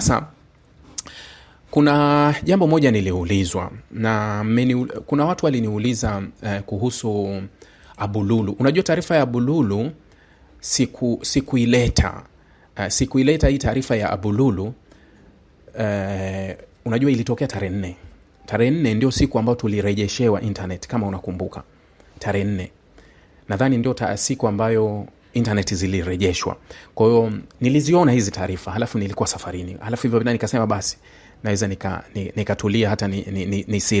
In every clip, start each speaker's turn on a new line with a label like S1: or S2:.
S1: Sasa kuna jambo moja niliulizwa na meni, kuna watu waliniuliza eh, kuhusu Abululu. Unajua taarifa ya Abululu siku sikuileta eh, sikuileta hii taarifa ya Abululu eh, unajua ilitokea tarehe nne tarehe nne ndio siku ambayo tulirejeshewa internet kama unakumbuka, tarehe nne nadhani ndio siku ambayo intaneti zilirejeshwa. Kwa hiyo niliziona hizi taarifa, halafu nilikuwa safarini, halafu hivyo nikasema basi naweza nikatulia nika hata nisilete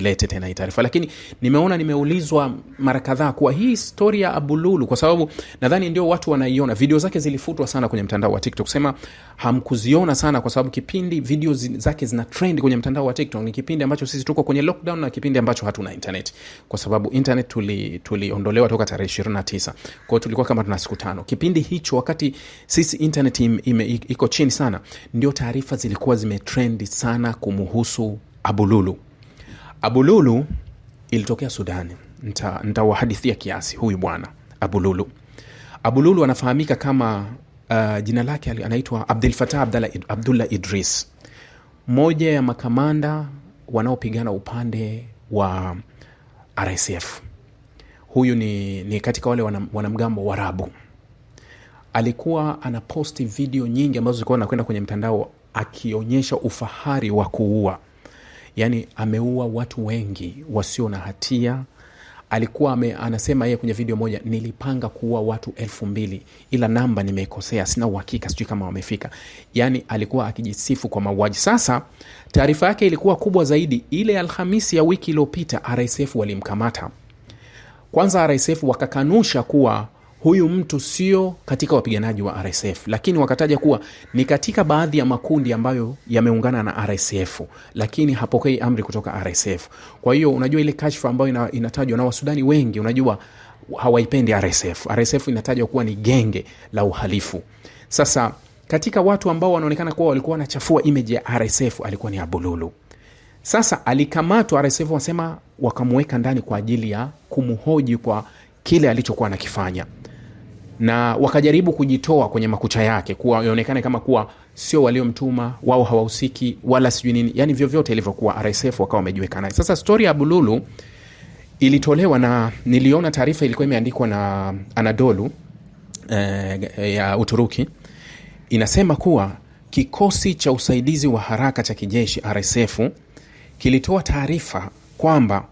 S1: ni, ni, ni tena hii taarifa, lakini nimeona nimeulizwa mara kadhaa kuwa hii stori ya Abululu, kwa sababu nadhani ndio watu wanaiona, video zake zilifutwa sana kwenye mtandao wa TikTok, sema hamkuziona sana kwa sababu kipindi video zake zina trend kwenye mtandao wa TikTok ni kipindi ambacho sisi tuko kwenye lockdown na kipindi ambacho hatuna internet, kwa sababu internet tuliondolewa tuli toka tarehe ishirini na tisa kwao, tulikuwa kama tuna siku tano kipindi hicho, wakati sisi internet iko chini sana, ndio taarifa zilikuwa zimetrendi sana sana kumuhusu Abululu. Abululu ilitokea Sudani, ntawahadithia nta kiasi. Huyu bwana Abululu, Abululu anafahamika kama uh, jina lake anaitwa Abdul Fatah Abdullah Idris, moja ya makamanda wanaopigana upande wa RSF. Huyu ni, ni katika wale wanamgambo wana Warabu. Alikuwa anaposti video nyingi ambazo zilikuwa nakwenda kwenye mtandao akionyesha ufahari wa kuua yaani ameua watu wengi wasio na hatia alikuwa ame, anasema yeye kwenye video moja nilipanga kuua watu elfu mbili ila namba nimeikosea sina uhakika sijui kama wamefika yaani alikuwa akijisifu kwa mauaji sasa taarifa yake ilikuwa kubwa zaidi ile alhamisi ya wiki iliyopita rsf walimkamata kwanza rsf wakakanusha kuwa huyu mtu sio katika wapiganaji wa RSF, lakini wakataja kuwa ni katika baadhi ya makundi ambayo yameungana na RSF, lakini hapokei amri kutoka RSF. Kwa hiyo unajua ile kashfa ambayo inatajwa na Wasudani wengi, unajua hawaipendi RSF. RSF inatajwa kuwa ni genge la uhalifu. Sasa katika watu ambao wanaonekana kuwa walikuwa wanachafua image ya RSF alikuwa ni Abululu. Sasa alikamatwa RSF, wanasema wakamuweka ndani kwa ajili ya kumhoji kwa kile alichokuwa anakifanya na wakajaribu kujitoa kwenye makucha yake, kuwa ionekane kama kuwa sio waliomtuma wao, hawahusiki wala sijui nini, yani vyovyote ilivyokuwa, RSF wakawa wamejiweka naye. Sasa stori ya Bululu ilitolewa na niliona taarifa ilikuwa imeandikwa na Anadolu eh, ya Uturuki inasema kuwa kikosi cha usaidizi wa haraka cha kijeshi RSF kilitoa taarifa kwamba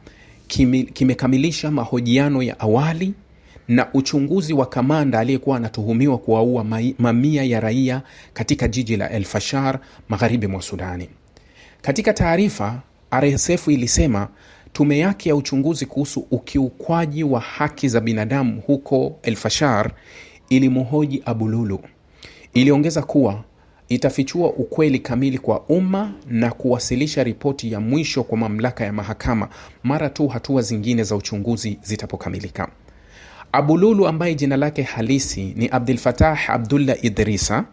S1: kimekamilisha mahojiano ya awali na uchunguzi wa kamanda aliyekuwa anatuhumiwa kuwaua mamia ya raia katika jiji la El Fashar magharibi mwa Sudani. Katika taarifa, RSF ilisema tume yake ya uchunguzi kuhusu ukiukwaji wa haki za binadamu huko El Fashar ilimhoji Abululu. Iliongeza kuwa itafichua ukweli kamili kwa umma na kuwasilisha ripoti ya mwisho kwa mamlaka ya mahakama mara tu hatua zingine za uchunguzi zitapokamilika. Abululu ambaye jina lake halisi ni Abdul Fatah Abdullah Idrisa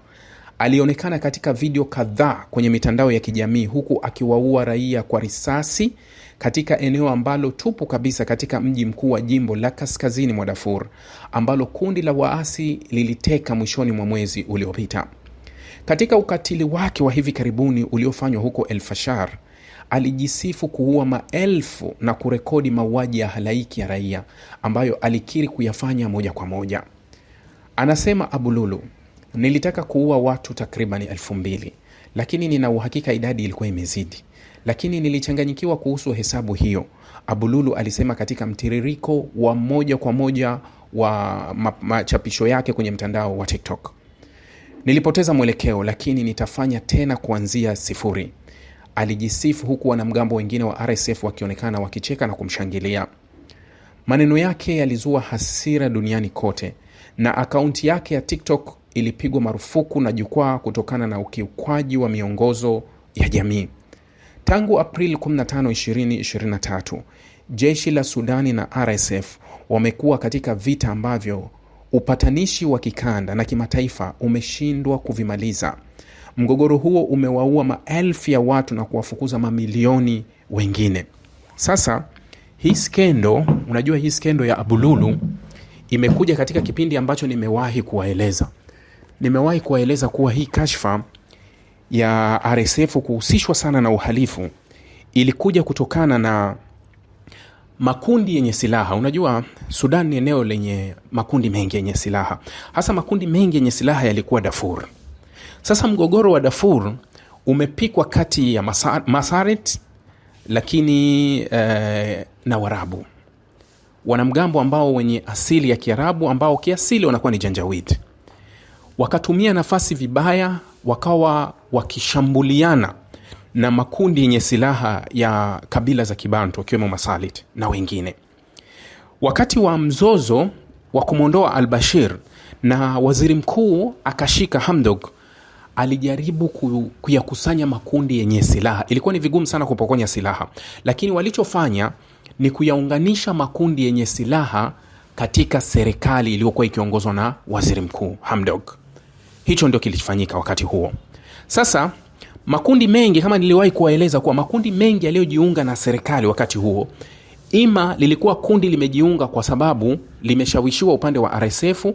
S1: alionekana katika video kadhaa kwenye mitandao ya kijamii huku akiwaua raia kwa risasi katika eneo ambalo tupu kabisa katika mji mkuu wa jimbo la kaskazini mwa Darfur ambalo kundi la waasi liliteka mwishoni mwa mwezi uliopita. Katika ukatili wake wa hivi karibuni uliofanywa huko El Fashar, Alijisifu kuua maelfu na kurekodi mauaji ya halaiki ya raia ambayo alikiri kuyafanya moja kwa moja. Anasema Abululu, nilitaka kuua watu takriban elfu mbili lakini nina uhakika idadi ilikuwa imezidi, lakini nilichanganyikiwa kuhusu hesabu hiyo, Abululu alisema katika mtiririko wa moja kwa moja wa machapisho yake kwenye mtandao wa TikTok. Nilipoteza mwelekeo, lakini nitafanya tena kuanzia sifuri alijisifu huku wanamgambo wengine wa RSF wakionekana wakicheka na kumshangilia. Maneno yake yalizua hasira duniani kote na akaunti yake ya TikTok ilipigwa marufuku na jukwaa kutokana na ukiukwaji wa miongozo ya jamii. Tangu Aprili 15, 2023, jeshi la Sudani na RSF wamekuwa katika vita ambavyo upatanishi wa kikanda na kimataifa umeshindwa kuvimaliza. Mgogoro huo umewaua maelfu ya watu na kuwafukuza mamilioni wengine. Sasa hii skendo, unajua hii skendo ya Abululu imekuja katika kipindi ambacho nimewahi kuwaeleza, nimewahi kuwaeleza kuwa hii kashfa ya RSF kuhusishwa sana na uhalifu ilikuja kutokana na makundi yenye silaha. Unajua Sudan ni eneo lenye makundi mengi yenye silaha, hasa makundi mengi yenye silaha yalikuwa Darfur. Sasa mgogoro wa Darfur umepikwa kati ya masa, Masarit lakini eh, na Warabu, wanamgambo ambao wenye asili ya Kiarabu ambao kiasili wanakuwa ni Janjawid, wakatumia nafasi vibaya, wakawa wakishambuliana na makundi yenye silaha ya kabila za Kibantu wakiwemo Masalit na wengine. Wakati wa mzozo wa kumwondoa Al Bashir na waziri mkuu akashika Hamdok alijaribu kuyakusanya makundi yenye silaha. Ilikuwa ni vigumu sana kupokonya silaha, lakini walichofanya ni kuyaunganisha makundi yenye silaha katika serikali iliyokuwa ikiongozwa na waziri mkuu Hamdok. Hicho ndio kilifanyika wakati huo. Sasa makundi mengi, kama niliwahi kuwaeleza, kuwa makundi mengi yaliyojiunga na serikali wakati huo, ima lilikuwa kundi limejiunga kwa sababu limeshawishiwa upande wa RSF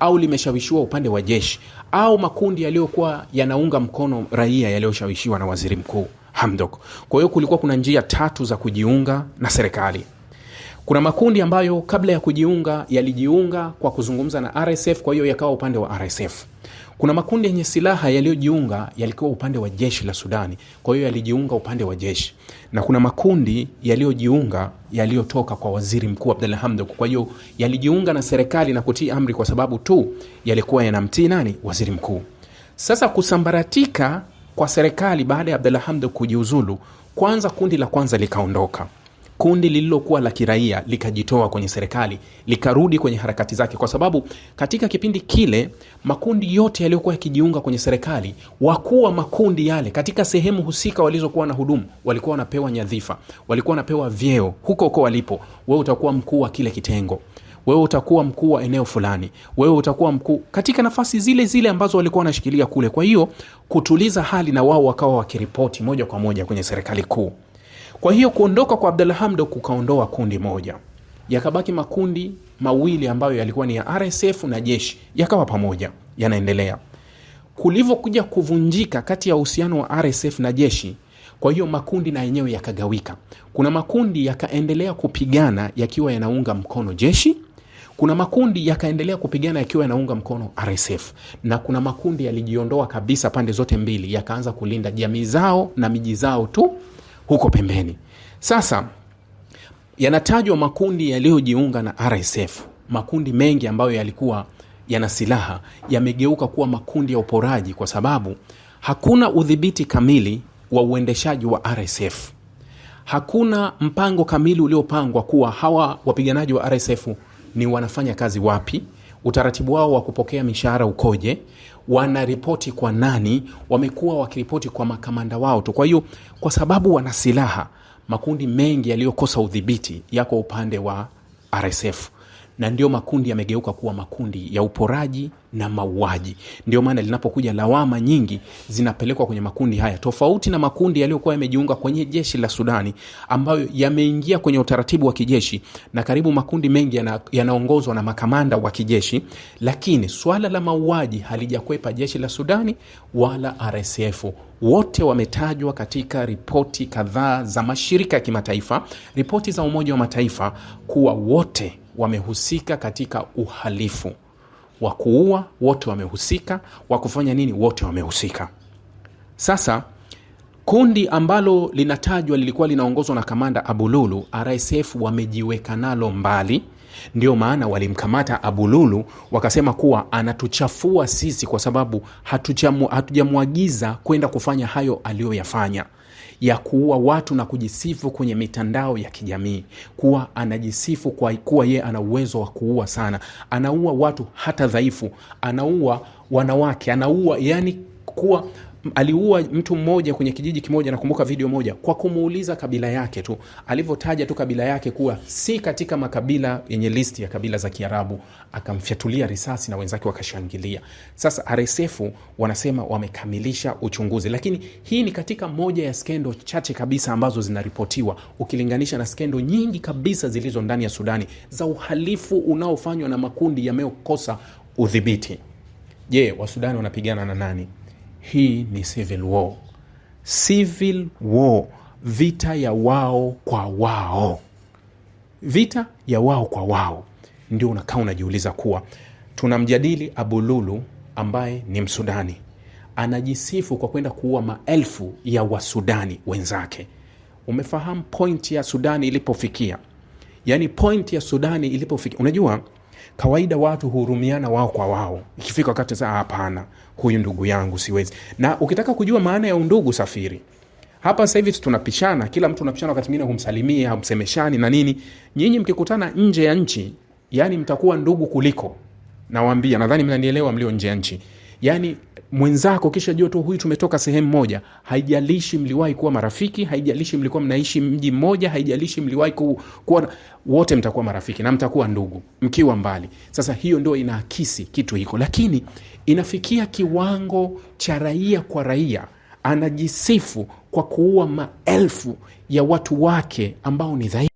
S1: au limeshawishiwa upande wa jeshi au makundi yaliyokuwa yanaunga mkono raia yaliyoshawishiwa na waziri mkuu Hamdok. Kwa hiyo kulikuwa kuna njia tatu za kujiunga na serikali. Kuna makundi ambayo kabla ya kujiunga yalijiunga kwa kuzungumza na RSF, kwa hiyo yakawa upande wa RSF. Kuna makundi yenye silaha yaliyojiunga yalikuwa upande wa jeshi la Sudani, kwa hiyo yalijiunga upande wa jeshi, na kuna makundi yaliyojiunga yaliyotoka kwa waziri mkuu Abdalla Hamdok, kwa hiyo yalijiunga na serikali na kutii amri, kwa sababu tu yalikuwa yanamtii nani? Waziri mkuu. Sasa kusambaratika kwa serikali baada ya Abdalla Hamdok kujiuzulu, kwanza kundi la kwanza likaondoka kundi lililokuwa la kiraia likajitoa kwenye serikali likarudi kwenye harakati zake, kwa sababu katika kipindi kile makundi yote yaliyokuwa yakijiunga kwenye serikali, wakuu wa makundi yale katika sehemu husika walizokuwa na hudumu walikuwa wanapewa nyadhifa, walikuwa wanapewa vyeo huko huko walipo. Wewe utakuwa mkuu wa kile kitengo wewe utakuwa mkuu wa eneo fulani, wewe utakuwa mkuu katika nafasi zile zile ambazo walikuwa wanashikilia kule. Kwa hiyo kutuliza hali, na wao wakawa wakiripoti moja kwa moja kwenye serikali kuu. Kwa hiyo kuondoka kwa Abdalla Hamdok kukaondoa kundi moja, yakabaki makundi mawili ambayo yalikuwa ni ya RSF na jeshi, yakawa pamoja, yanaendelea. Kulivyokuja kuvunjika kati ya uhusiano wa RSF na jeshi, kwa hiyo makundi na yenyewe yakagawika. Kuna makundi yakaendelea kupigana yakiwa yanaunga mkono jeshi kuna makundi yakaendelea kupigana yakiwa yanaunga mkono RSF na kuna makundi yalijiondoa kabisa pande zote mbili, yakaanza kulinda jamii zao na miji zao tu, huko pembeni. Sasa yanatajwa makundi yaliyojiunga na RSF, makundi mengi ambayo yalikuwa yana silaha yamegeuka kuwa makundi ya uporaji, kwa sababu hakuna udhibiti kamili wa uendeshaji wa RSF. Hakuna mpango kamili uliopangwa kuwa hawa wapiganaji wa RSF ni wanafanya kazi wapi, utaratibu wao wa kupokea mishahara ukoje, wanaripoti kwa nani, wamekuwa wakiripoti kwa makamanda wao tu. Kwa hiyo kwa sababu wana silaha, makundi mengi yaliyokosa udhibiti yako upande wa RSF na ndio makundi yamegeuka kuwa makundi ya uporaji na mauaji. Ndio maana linapokuja lawama nyingi zinapelekwa kwenye makundi haya, tofauti na makundi yaliyokuwa yamejiunga kwenye jeshi la Sudani ambayo yameingia kwenye utaratibu wa kijeshi, na karibu makundi mengi yanaongozwa na makamanda wa kijeshi, lakini swala la mauaji halijakwepa jeshi la Sudani wala RSF wote wametajwa katika ripoti kadhaa za mashirika ya kimataifa, ripoti za Umoja wa Mataifa kuwa wote wamehusika katika uhalifu wa kuua, wote wamehusika, wa kufanya nini, wote wamehusika. Sasa kundi ambalo linatajwa lilikuwa linaongozwa na kamanda Abululu, RSF wamejiweka nalo mbali. Ndio maana walimkamata Abululu, wakasema kuwa anatuchafua sisi kwa sababu hatujamwagiza kwenda kufanya hayo aliyoyafanya ya kuua watu na kujisifu kwenye mitandao ya kijamii, kuwa anajisifu kwa kuwa yeye ana uwezo wa kuua sana, anaua watu hata dhaifu, anaua wanawake, anaua yani kuwa aliua mtu mmoja kwenye kijiji kimoja, nakumbuka video moja, kwa kumuuliza kabila yake tu, alivyotaja tu kabila yake kuwa si katika makabila yenye listi ya kabila za Kiarabu, akamfyatulia risasi na wenzake wakashangilia. Sasa RSF wanasema wamekamilisha uchunguzi, lakini hii ni katika moja ya skendo chache kabisa ambazo zinaripotiwa ukilinganisha na skendo nyingi kabisa zilizo ndani ya Sudani za uhalifu unaofanywa na makundi yameokosa udhibiti. Je, Wasudani wanapigana na nani? Hii ni civil war. Civil war, vita ya wao kwa wao, vita ya wao kwa wao. Ndio unakaa unajiuliza kuwa tunamjadili Abu Lulu ambaye ni Msudani anajisifu kwa kwenda kuua maelfu ya Wasudani wenzake. Umefahamu pointi ya Sudani ilipofikia, yaani pointi ya Sudani ilipofikia, unajua Kawaida watu huhurumiana wao kwa wao, ikifika wakati sasa, ah, hapana, huyu ndugu yangu siwezi. Na ukitaka kujua maana ya undugu, safiri hapa sasa hivi tunapishana, kila mtu unapishana, wakati mwingine humsalimia, hamsemeshani na nini. Nyinyi mkikutana nje ya nchi, yani mtakuwa ndugu kuliko, nawaambia, nadhani mnanielewa mlio nje ya nchi, yani mwenzako, kisha jua tu huyu tumetoka sehemu moja. Haijalishi mliwahi kuwa marafiki, haijalishi mlikuwa mnaishi mji mmoja, haijalishi mliwahi ku, kuwa wote, mtakuwa marafiki na mtakuwa ndugu mkiwa mbali. Sasa hiyo ndio inaakisi kitu hiko, lakini inafikia kiwango cha raia kwa raia anajisifu kwa kuua maelfu ya watu wake ambao ni dhaifu.